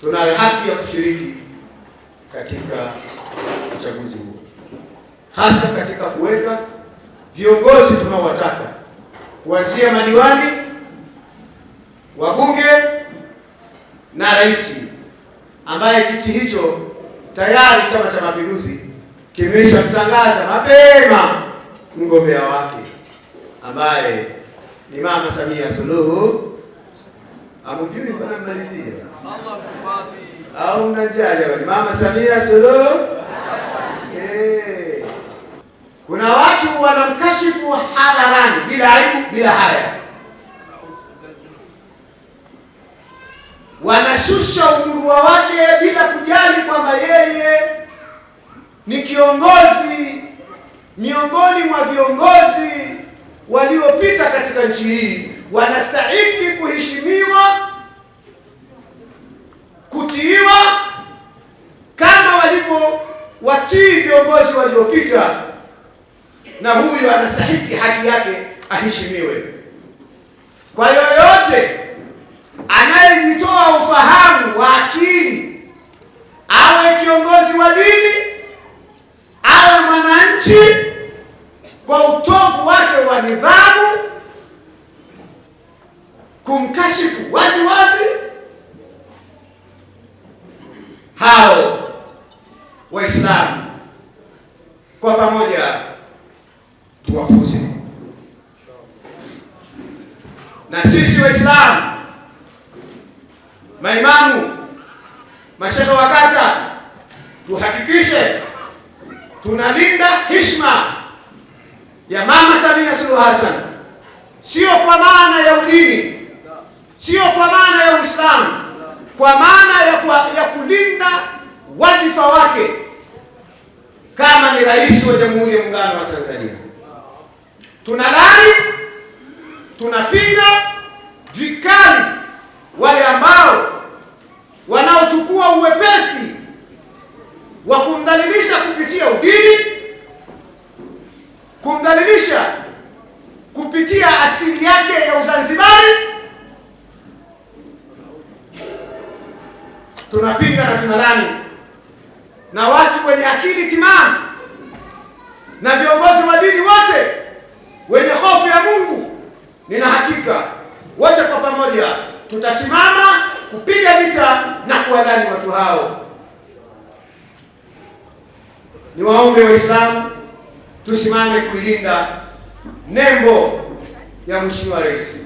tunayo haki ya kushiriki katika uchaguzi huo, hasa katika kuweka viongozi tunaowataka kuanzia madiwani, wabunge na rais, ambaye kiti hicho tayari Chama cha Mapinduzi kimeshamtangaza mapema mgombea wake ambaye ni Mama Samia Suluhu Hamjui kuna malizia au mnajaa jamani? Mama Samia Suluhu, eh. kuna watu wanamkashifu hadharani bila aibu, bila haya, wanashusha umurua wake bila kujali kwamba yeye ni kiongozi miongoni mwa viongozi waliopita katika nchi hii, wanastahili kuheshimiwa watii viongozi waliopita, na huyo anastahiki haki yake aheshimiwe. Kwa yoyote anayejitoa ufahamu wa akili, awe kiongozi wa dini, awe mwananchi, kwa utovu wake wa nidhamu, kumkashifu waziwazi sana. Kwa pamoja tuwakuze, na sisi Waislamu, maimamu, mashehe wa kata, tuhakikishe tunalinda heshima ya Mama Samia Suluhu Hassan, sio kwa maana ya udini, sio kwa maana ya Uislamu, kwa maana ya, ya kulinda wadhifa wake ni rais wa Jamhuri ya Muungano wa Tanzania. Tunalani, tunapinga vikali wale ambao wanaochukua uwepesi wa kumdhalilisha kupitia udini, kumdhalilisha kupitia asili yake ya Uzanzibari. Tunapinga na tunalani, na watu wenye akili timamu na viongozi wa dini wote wenye hofu ya Mungu, nina hakika wote kwa pamoja tutasimama kupiga vita na kuwadani watu hao. ni waombe Waislamu tusimame kuilinda nembo ya Mheshimiwa Rais.